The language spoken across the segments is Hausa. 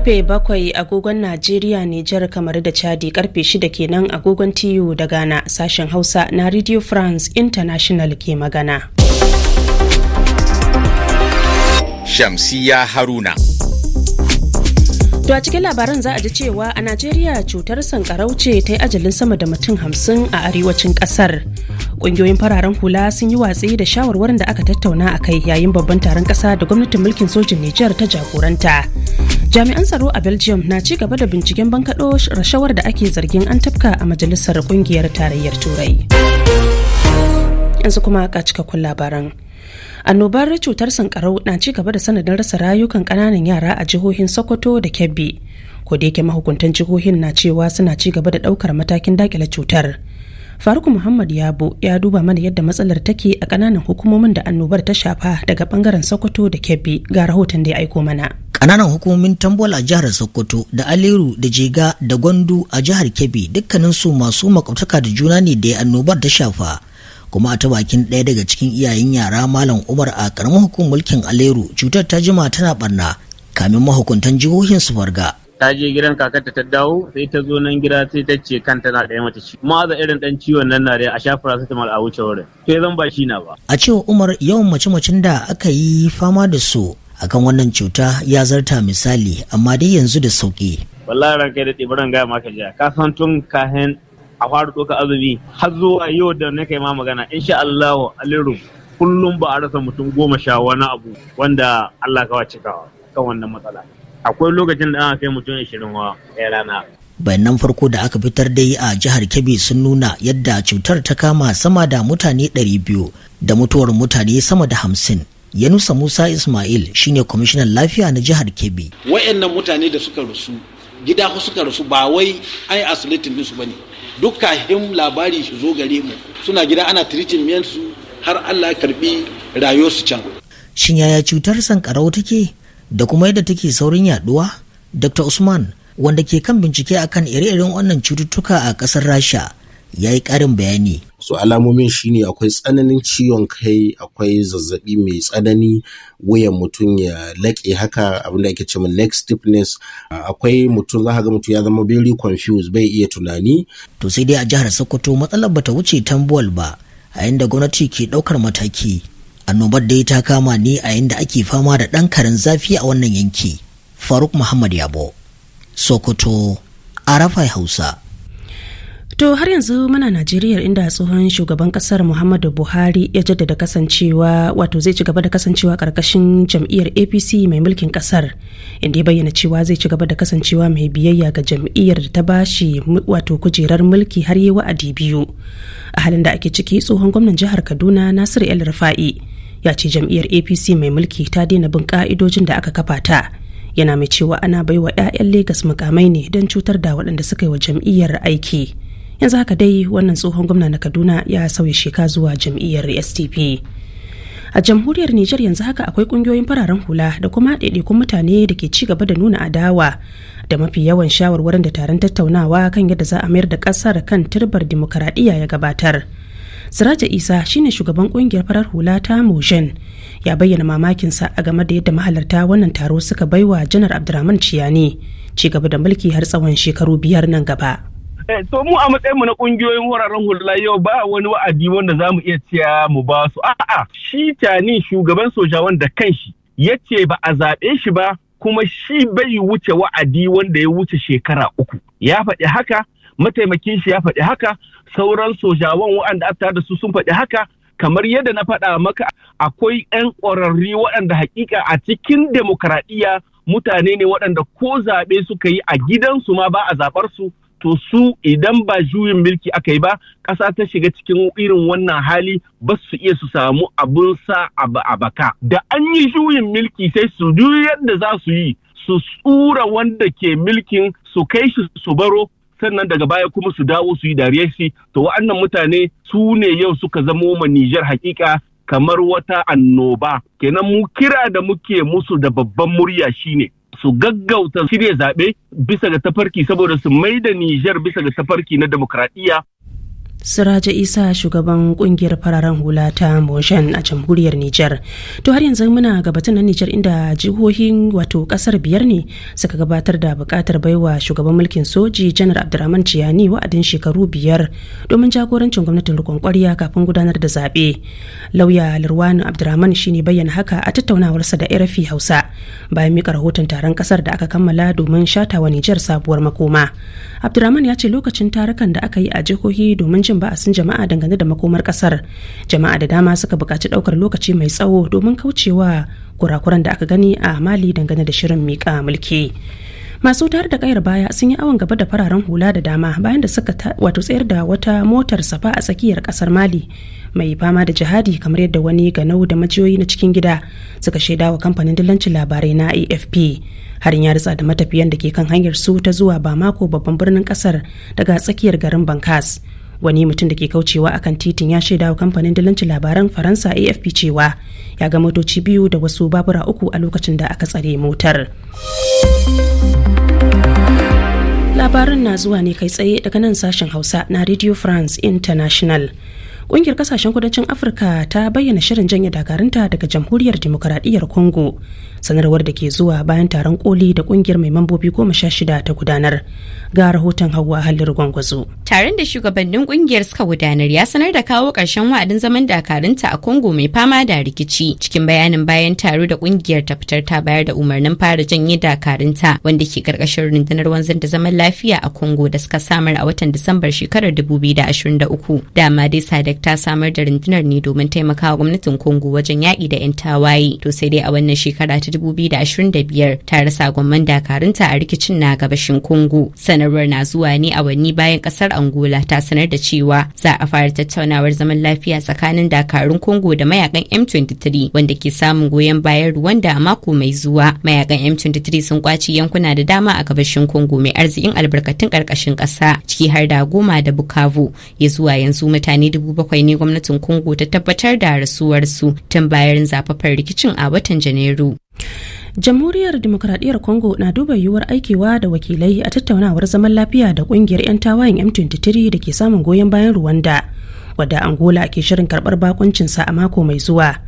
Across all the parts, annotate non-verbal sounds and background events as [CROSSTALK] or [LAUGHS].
karfe bakwai agogon najeriya nijar kamar da chadi karfe shida kenan agogon tiyo da ghana sashen hausa na radio france international ke magana shamsiya haruna To a cikin labaran za a ji cewa a Najeriya cutar sankarau ce ta yi ajalin sama da mutum hamsin a arewacin kasar. Ƙungiyoyin fararen hula sun yi watsi da shawarwarin da aka tattauna a kai yayin babban taron ƙasa da gwamnatin mulkin sojin Nijar ta jagoranta. jami'an tsaro a belgium na ci gaba da binciken bankaɗo rashawar da ake zargin an tafka a majalisar kungiyar tarayyar turai yanzu kuma ka cikakkun labaran annobar cutar sankarau na ci gaba da sanadin rasa rayukan ƙananan yara a jihohin sokoto da kebbi ko da yake mahukuntan jihohin na cewa suna ci gaba da ɗaukar matakin dakile cutar faruk muhammad yabo ya duba mana yadda matsalar take a ƙananan hukumomin da annobar ta shafa daga ɓangaren sokoto da kebbi ga rahoton da ya aiko mana Kananan hukumomin tambol a jihar Sokoto da Aliru da Jega da Gwandu a jihar Kebbi dukkaninsu masu makwabtaka da juna ne da ya annobar ta shafa. kuma a tabakin bakin ɗaya daga cikin iyayen yara malam umar a karamin hukumar mulkin aleru cutar ta jima tana barna kamin mahukuntan jihohin su farga ta je gidan kakarta ta dawo sai ta zo nan gida sai ta ce kanta na ɗaya mata ci ma irin dan ciwon nan na a sha paracetamol a wuce wurin to zan ba shi na ba a cewa umar yawan mace-macen da aka yi fama da su akan wannan cuta ya zarta misali amma dai yanzu da sauki. wallahi ran kai da tsibiran gaya maka jiya ka san tun kahin a fara doka azumi har zuwa yau da na kai ma magana insha Allah aliru kullum ba a rasa mutum goma sha wani abu wanda Allah kawa cikawa kan wannan matsala akwai lokacin da ana kai mutum ashirin wa ɗaya rana bayanan farko da aka fitar da yi a jihar kebbi sun nuna yadda cutar ta kama sama da mutane 200 da mutuwar mutane sama da hamsin. yanusa musa ismail shine kwamishinan lafiya na jihar kebbi wayannan mutane da suka rusu gida ku suka rusu ba wai ai asulitin din su ne duk kahim labari shi zo gare mu suna gida ana tiritin miyansu har Allah ya karbi rayuwar can shin yaya cutar sankarau take da kuma yadda take saurin yaduwa Dr. Usman wanda ke kan bincike akan ire-iren wannan cututtuka a ƙasar Rasha ya yi ƙarin bayani so alamomin shine akwai tsananin ciwon kai akwai zazzabi mai tsanani wuyan mutum ya laƙe haka abinda ake cewa neck stiffness akwai mutum za ga mutum ya zama very confused bai iya tunani to sai dai a jihar sokoto matsalar bata wuce tambuwal ba a inda gwamnati ke ɗaukar mataki annobar dai ta kama ne a inda ake fama da ɗan karin zafi a wannan yanki faruk muhammad yabo sokoto arafai hausa To har yanzu muna Najeriya inda tsohon shugaban kasar Muhammadu Buhari ya jaddada kasancewa wato zai ci gaba da kasancewa karkashin jam'iyyar APC mai mulkin kasar inda ya bayyana cewa zai ci gaba da kasancewa mai biyayya ga jam'iyyar da ta bashi wato kujerar mulki har yi wa'adi biyu. A halin da ake ciki tsohon gwamnan jihar Kaduna Nasiru El Rufa'i ya ce jam'iyyar APC mai mulki ta daina bin ka'idojin da aka kafa ta. Yana mai cewa ana baiwa 'ya'yan Legas mukamai ne don cutar da waɗanda suka yi wa jam'iyyar aiki. yanzu haka dai wannan tsohon gwamna na kaduna ya sauya sheka zuwa jam'iyyar stp a jamhuriyar Nijar yanzu haka akwai kungiyoyin fararen hula da kuma ɗaiɗaikun mutane da ke ci gaba da nuna adawa da mafi yawan shawarwarin da taron tattaunawa kan yadda za a mayar da ƙasar kan turbar dimokuraɗiyya ya gabatar. Siraja Isa shine shugaban kungiyar farar hula ta Mojen ya bayyana mamakinsa a game da yadda mahalarta wannan taro suka baiwa Janar Abdurrahman Ciyani ci gaba da mulki har tsawon shekaru biyar nan gaba. Eh, to mu a matsayin mu na kungiyoyin wuraren hula yau ba wani wa'adi wanda za mu iya ciya mu ba su a'a shi tani shugaban soja wanda kanshi ya ce ba a zaɓe shi ba kuma shi bai wuce wa'adi wanda ya wuce shekara uku ya faɗi haka mataimakin shi ya faɗi haka sauran sojawan wa'anda aka da su sun faɗi haka kamar yadda na faɗa maka akwai ƴan ƙwararri waɗanda hakika a cikin demokradiyya mutane ne waɗanda ko zaɓe suka yi a gidansu ma ba a zaɓarsu. su to su idan ba juyin mulki aka yi ba ƙasa ta shiga cikin irin wannan hali ba su iya su samu abun sa a baka da an yi juyin mulki sai su duk yadda za su yi su tsura wanda ke mulkin su kai shi su baro sannan daga baya kuma su dawo su yi dariya shi to wa'annan mutane su ne yau suka zamo ma Nijar hakika kamar wata annoba kenan mu kira da muke musu da babban murya shine su gaggauta shirya zaɓe bisa ga tafarki saboda su mai da Nijar bisa ga tafarki na demokradiyya Siraja Isa shugaban kungiyar fararen hula ta Moshan a jamhuriyar Nijar. To har yanzu muna ga batun na Nijar inda jihohin wato kasar biyar ne suka gabatar da bukatar baiwa shugaban mulkin soji Janar Abdurrahman Ciyani wa'adin shekaru biyar domin jagorancin gwamnatin rikon kwarya kafin gudanar da zaɓe. Lauya Lirwanu Abdurrahman shine bayyana haka a tattaunawarsa da Irafi Hausa bayan mika rahoton taron kasar da aka kammala domin shatawa Nijar sabuwar makoma. Abdurrahman ya ce lokacin tarukan da aka yi a jihohi domin a ba'asin jama'a dangane da makomar kasar jama'a da dama suka buƙaci ɗaukar lokaci mai tsawo domin kaucewa kurakuran da aka gani a mali dangane da shirin miƙa mulki masu tayar da kayar baya sun yi awon gaba da fararen hula da dama bayan da suka wato tsayar da wata motar safa a tsakiyar kasar mali mai fama da jihadi kamar yadda wani ganau da majiyoyi na cikin gida suka shaida wa kamfanin dillancin labarai na afp harin ya ritsa da matafiyan da ke kan hanyar su ta zuwa mako babban birnin kasar daga tsakiyar garin bankas wani mutum da ke kaucewa a kan titin ya shaida wa kamfanin dalancin labaran faransa afp cewa ya ga motoci biyu da wasu babura uku a lokacin da aka tsare motar labaran na zuwa ne kai tsaye daga nan sashen hausa na radio france international Ƙungiyar kasashen kudancin Afirka ta bayyana shirin janye dakarunta daga jamhuriyar dimokuraɗiyyar Congo. Sanarwar da ke zuwa bayan taron koli da ƙungiyar mai mambobi goma sha shida ta gudanar. Ga rahoton Hauwa halin Gwangwazo. Taron da shugabannin ƙungiyar suka gudanar ya sanar da kawo ƙarshen wa'adin zaman dakarunta a Congo mai fama da rikici. Cikin bayanin bayan taro da ƙungiyar ta fitar ta bayar da umarnin fara janye dakarunta wanda ke karkashin rundunar wanzan da zaman lafiya a Congo da suka samar a watan Disambar shekarar 2023. Dama dai sadak ta samar da rundunar ne domin taimakawa gwamnatin Congo wajen yaƙi da 'yan tawaye. To sai dai a wannan shekara ta dubu da biyar ta rasa gwamman dakarunta a rikicin na gabashin Congo. Sanarwar na zuwa ne a wanni bayan ƙasar Angola ta sanar da cewa za a fara tattaunawar zaman lafiya tsakanin dakarun Congo da mayakan M23 wanda ke samun goyon bayan Rwanda a mako mai zuwa. Mayakan M23 sun kwaci yankuna da dama a gabashin Congo mai arzikin albarkatun ƙarƙashin ƙasa ciki har da goma da Bukavu ya zuwa yanzu mutane dubu bakwai ne gwamnatin Congo ta tabbatar da rasuwarsu tun bayan zafafar rikicin a watan Janairu. jamhuriyar demokradiyyar congo na duba yiwuwar aikewa da wakilai a tattaunawar zaman lafiya da ƙungiyar 'yan tawayen m23 da ke samun goyon bayan rwanda wadda angola ke shirin karbar bakuncinsa a mako mai zuwa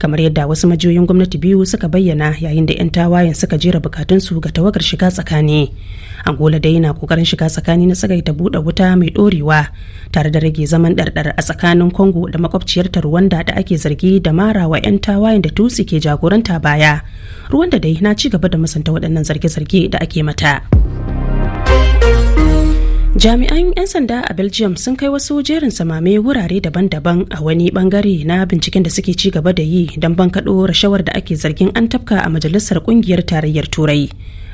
kamar yadda wasu majiyoyin gwamnati biyu suka bayyana yayin da 'yan tawayen suka jera bukatunsu ga tawagar shiga tsakani angola dai na kokarin shiga tsakani na ta buɗe wuta mai ɗorewa tare da rage zaman ɗarɗar a tsakanin congo da makwabciyar ta rwanda da ake zargi da mara wa 'yan tawayen da tutsi ke jagoranta baya rwanda dai na ci gaba da musanta waɗannan zarge-zarge da ake mata jami'an 'yan sanda a belgium sun kai wasu jerin samame wurare daban-daban a wani bangare na binciken da suke ci gaba da yi don bankaɗo rashawar da ake zargin an tafka a majalisar kungiyar tarayyar turai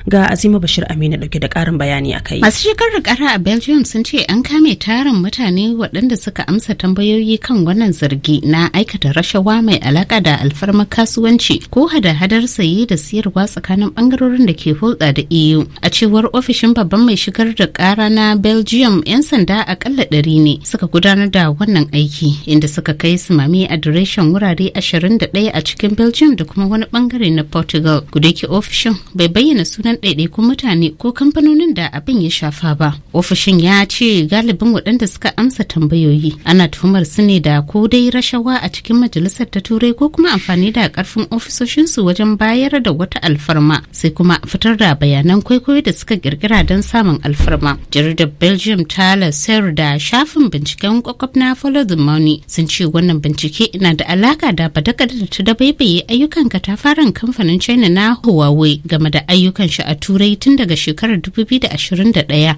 ga azima bashir aminu dauke da karin bayani a kai masu shekarar kara a belgium sun ce an kame tarin mutane waɗanda suka amsa tambayoyi kan wannan zargi na aikata rashawa mai alaka da alfarma kasuwanci ko hada-hadar saye da siyarwa tsakanin bangarorin da ke hulɗa da eu a cewar ofishin babban mai shigar da kara na belgium 'yan sanda akalla ɗari ne suka gudanar da wannan aiki inda suka kai sumami a direshin wurare 21 a cikin belgium da kuma wani bangare na portugal gudeki ofishin bai bayyana sunan sunan ɗaiɗaikun mutane ko kamfanonin da abin ya shafa ba ofishin ya ce galibin waɗanda suka amsa tambayoyi ana tuhumar su ne da ko dai rashawa a cikin majalisar ta turai ko kuma amfani da ƙarfin ofisoshinsu wajen bayar da wata alfarma sai kuma fitar da bayanan kwaikwayo da suka kirkira don samun alfarma jaridar belgium ta lasar da shafin binciken kwakwaf na follow the money sun ce wannan bincike na da alaka da badakar da ta dabaibaye ayyukan katafaren kamfanin china na huawei game da ayyukan shi a turai tun daga shekarar 2021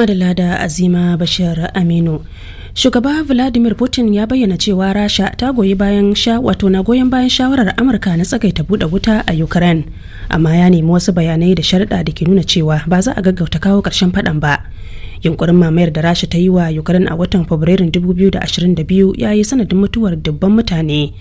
madala da azima bashir aminu shugaba vladimir putin ya bayyana cewa rasha ta goyi bayan sha wato na goyon bayan shawarar amurka na tsakaita bude wuta a ukraine amma ya nemi wasu bayanai da sharda da ke nuna cewa ba za a gaggauta kawo karshen faɗan ba yunkurin mamayar da rasha ta yi wa ukraine a watan fabrairun 2022 ya yi sanadin mutuwar dubban mutane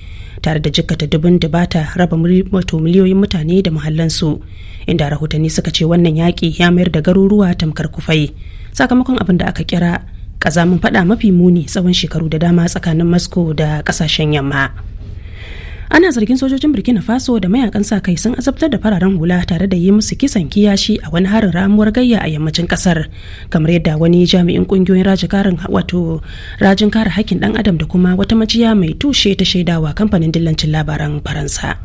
tare da jikkata dubin dubata raba wato miliyoyin mutane da mahallansu inda rahotanni suka ce wannan yaƙi ya mayar da garuruwa tamkar kufai sakamakon abin da aka kira ƙazamin faɗa mafi muni tsawon shekaru da dama tsakanin moscow da ƙasashen yamma ana zargin sojojin burkina faso da mayakan sa kai sun azabtar da fararen hula tare da yi musu kisan kiyashi a wani harin ramuwar gayya a yammacin kasar kamar yadda wani jami'in kungiyoyin rajin wato rajin kare hakkin dan adam da kuma wata maciya mai tushe ta shaidawa kamfanin dillancin labaran faransa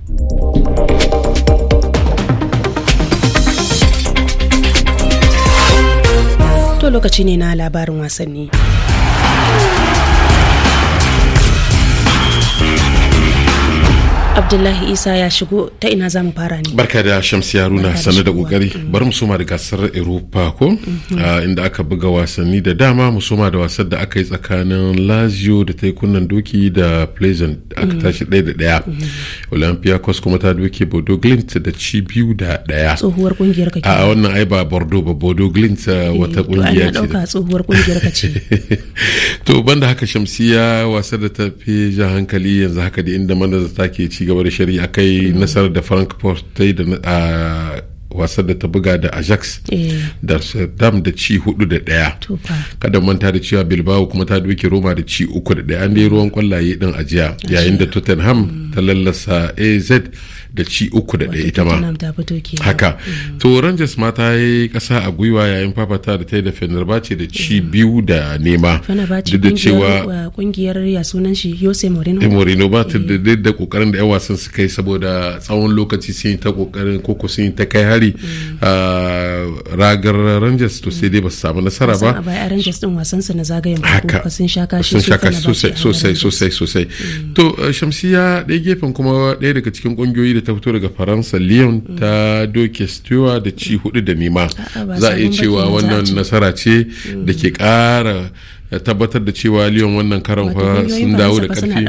to lokaci ne na labarin wasanni abdullahi isa ya shigo ta ina za mu fara ne barka da shamsi haruna sannu da kokari mm. bari mu soma da gasar europa ko mhm. ah, inda aka buga wasanni da dama mu soma da wasan da aka yi tsakanin lazio da ta yi kunnan doki da pleasant aka mm. tashi ɗaya da ɗaya mm-hmm. olympiacos kuma ta doke bodo glint da ci biyu da ɗaya tsohuwar kungiyar ka a ah, wannan ai ba bordo ba bodo glint ah, eh, wata kungiya ce tsohuwar kungiyar ka ce [LAUGHS] to banda haka shamsiya wasan da ta fi jan hankali yanzu haka da inda manazarta ke ci ci gaba da shari'a kai mm. nasarar da frank post ta yi da wasan da ta buga da ajax eh. da dam da ci hudu da daya kada manta da cewa bilbao kuma ta duke roma da ci uku da daya an dai ruwan kwallaye din ajiya yayin da tottenham ta lallasa az da ci uku da daya ita ma haka mm. to rangers ma ta yi kasa a gwiwa yayin fafata da ta yi da fenerbahce da ci mm. biyu da nema duk da cewa kungiyar ya sunan shi yose moreno eh, moreno ba ta eh. da kokarin da yan wasan su kai saboda tsawon lokaci sun yi ta kokarin koko sun yi ta kai hari a eh, ragar rangers to sai dai ba su samu nasara ba a baya rangers din su na zagayen farko sun shakashi sosai sosai sosai mm. to eh, shamsiya ɗaya gefen kuma ɗaya daga cikin ƙungiyoyi da ta fito daga faransa lyon mm. ta doke stewa da ci hudu da nema za a iya cewa wannan nasara ce mm. da ke ƙara tabbatar da cewa liyon wannan karan fa sun dawo da karfi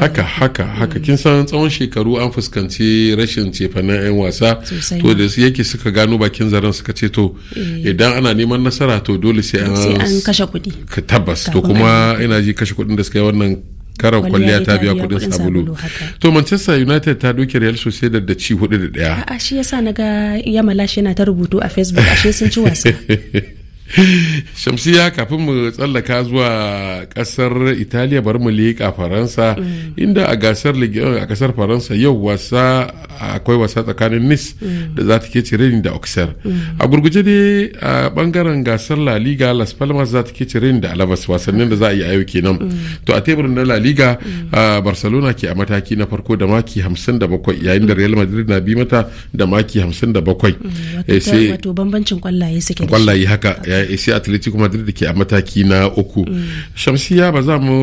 haka haka haka kin san tsawon shekaru an fuskanci rashin cefanen 'yan wasa to da yake suka gano bakin zaren suka ce to eh. idan ana neman nasara to dole sai an kashe kuɗi tabbas to kuma ina ji kashe kuɗin da suka yi wannan karan kwalliya ta biya kuɗin sabulu to manchester united ta doke real sociedad da ci hudu da daya a shi yasa naga yamala yana ta rubutu a facebook a shi sun ci wasa [LAUGHS] [LAUGHS] shamsiya kafin mu tsallaka zuwa kasar italiya bari mu leƙa faransa mm. inda a gasar a kasar faransa yau wasa akwai wasa tsakanin nice mm. da za ta ke cire ni da oxer mm. a gurguje dai a bangaren gasar la liga las palmas za ta ke cire ni da alabas wasannin da za a yi a yau kenan to a teburin na la liga barcelona ke a mataki na farko da maki 57 yayin da real madrid na bi mata da maki 57 eh, sai wato bambancin kwallaye suke kwallaye haka sai atletico madrid ke a mataki na uku mm. shamsiya ba za mu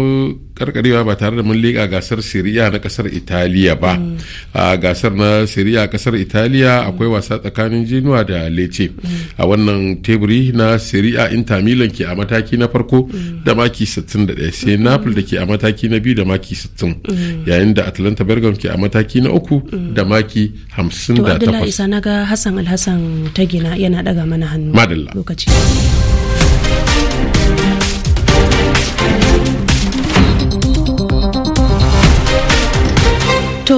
karkarewa ba tare da mun leƙa gasar siriya na kasar italiya ba mm. a gasar na siriya kasar italiya akwai wasa tsakanin jinuwa da lece mm. a wannan teburi na siriya inter milan ke a mataki na farko mm. da maki 61 sai napoli da ke a mataki na biyu da maki 60 yayin da atlanta bergam ke a mataki na uku da maki 58 to abdullahi isa naga hassan alhassan tagina yana daga mana hannu madalla lokaci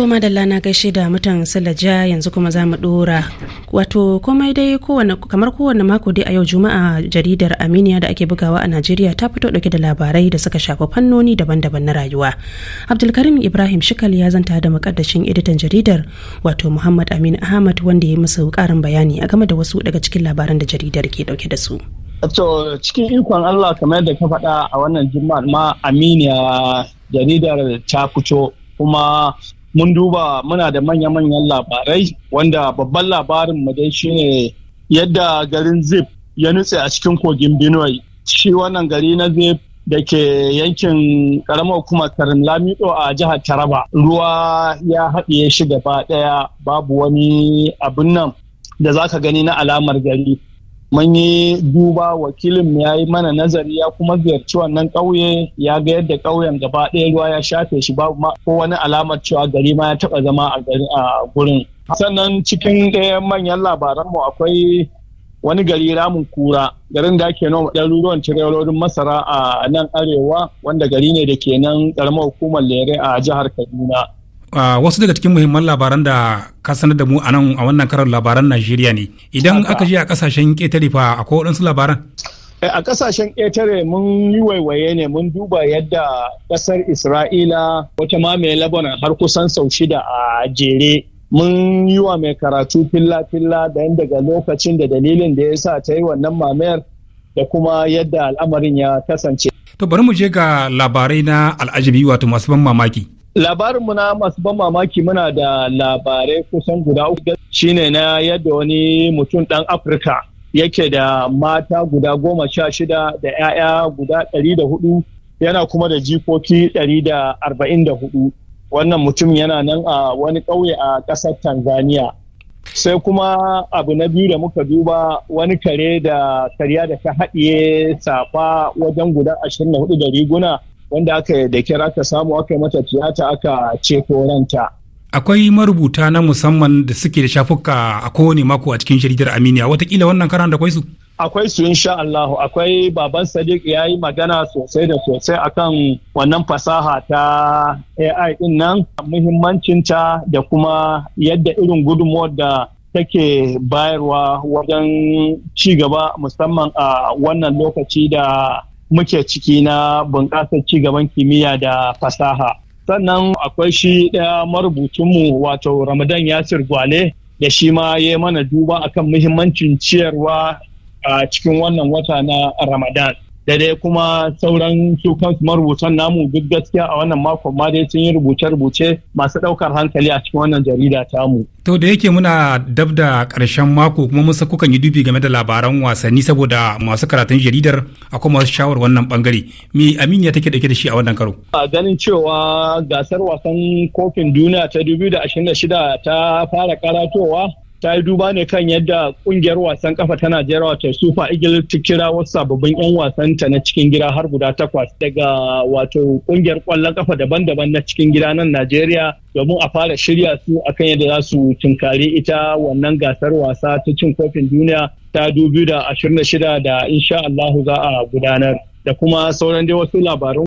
madalla na gaishe da mutan salaja yanzu kuma za mu dora wato komai dai kamar kowane mako dai a yau juma'a jaridar aminiya da ake bugawa a najeriya ta fito dauke da labarai da suka shafi fannoni daban-daban na rayuwa abdulkarim ibrahim shikal ya zanta da makaddashin editan jaridar wato muhammad amin ahmad wanda ya yi musu karin bayani a game da wasu daga cikin labaran da jaridar ke dauke da su To cikin ikon Allah kamar yadda ka faɗa a wannan juma'a ma aminiya jaridar ta fito kuma mun duba muna da manya-manyan labarai wanda babban labarin mu dai shine yadda garin zip ya nutse a cikin kogin benue shi wannan gari na zip da ke yankin karamar hukumar karin lamido a jihar taraba ruwa ya haɗiye shi gaba ɗaya babu wani abin nan da za ka gani na alamar gari mun yi duba wakilin mu ya yi mana nazari ya kuma ziyarci wannan ƙauye ya ga yadda ƙauyen gaba ɗaya ruwa ya shafe shi babu ma ko wani alamar cewa gari ma ya taɓa zama a gari a gurin sannan cikin ɗayan manyan labaran mu akwai wani gari ramin kura garin da ake noma ɗaruruwan tirerorin masara a nan arewa wanda gari ne da ke nan ƙaramar hukumar lere a jihar kaduna Ah, wasu daga cikin muhimman labaran da ka sanar da mu a nan a wannan karar labaran Najeriya ne. Idan aka je a kasashen ƙetare fa akwai waɗansu labaran? Eh, a kasashen ƙetare mun yi waiwaye ne mun duba yadda ƙasar Isra'ila wata ma mai Lebanon har kusan sau shida a jere mun yi wa mai karatu filla-filla da daga lokacin da dalilin da ya sa ta yi wannan mamayar da kuma yadda al'amarin ya kasance. To bari mu je ga labarai na al'ajabi wato masu ban mamaki. Labarinmu na masu ban mamaki muna da labarai kusan guda uku shine na yadda wani mutum ɗan Afirka yake da mata guda goma sha shida da 'ya'ya guda ɗari da hudu yana kuma da jikoki ɗari da arba'in da hudu. Wannan mutum yana nan a wani ƙauye a ƙasar Tanzania. Sai kuma abu na biyu da muka duba wani kare da karya da ta haɗiye safa wajen guda ashirin da hudu da riguna wanda aka da kira aka samu aka mata tiyata aka ce ranta. Akwai marubuta na musamman da suke da shafuka a kowane mako a cikin jaridar Aminiya watakila wannan karan da kwai su? Akwai su insha Allah akwai baban Sadiq ya yi magana sosai da sosai akan wannan fasaha ta AI din nan muhimmancinta da kuma yadda irin gudunmuwar da take bayarwa wajen ci gaba musamman a wannan lokaci da muke ciki na bunƙasar ci gaban kimiyya da fasaha. Sannan akwai shi ɗaya marubucinmu wato Ramadan Yasir Gwale da shi ma ya mana duba akan muhimmancin ciyarwa a cikin wannan wata na Ramadan. da dai kuma sauran su kansu marubutan namu duk gaskiya a wannan makon ma dai sun yi rubuce-rubuce masu ɗaukar hankali a cikin wannan jarida tamu. To da yake muna dab da ƙarshen mako kuma musa kukan yi dubi game da labaran wasanni saboda masu karatun jaridar akwai masu shawar wannan bangare. Me Aminiya take dauke da shi a wannan karo? A ganin cewa gasar wasan kofin duniya ta 2026 ta fara karatowa ta yi duba ne kan yadda kungiyar wasan kafa ta Najeriya wato Super Eagles ta kira wasu sababbin 'yan wasanta na cikin gida har guda takwas daga wato kungiyar kwallon kafa daban-daban na cikin gida nan Najeriya domin a fara shirya su akan yadda za su tunkari ita wannan gasar wasa ta cin kofin duniya ta 2026 da insha Allahu za a gudanar da kuma sauran dai wasu labarun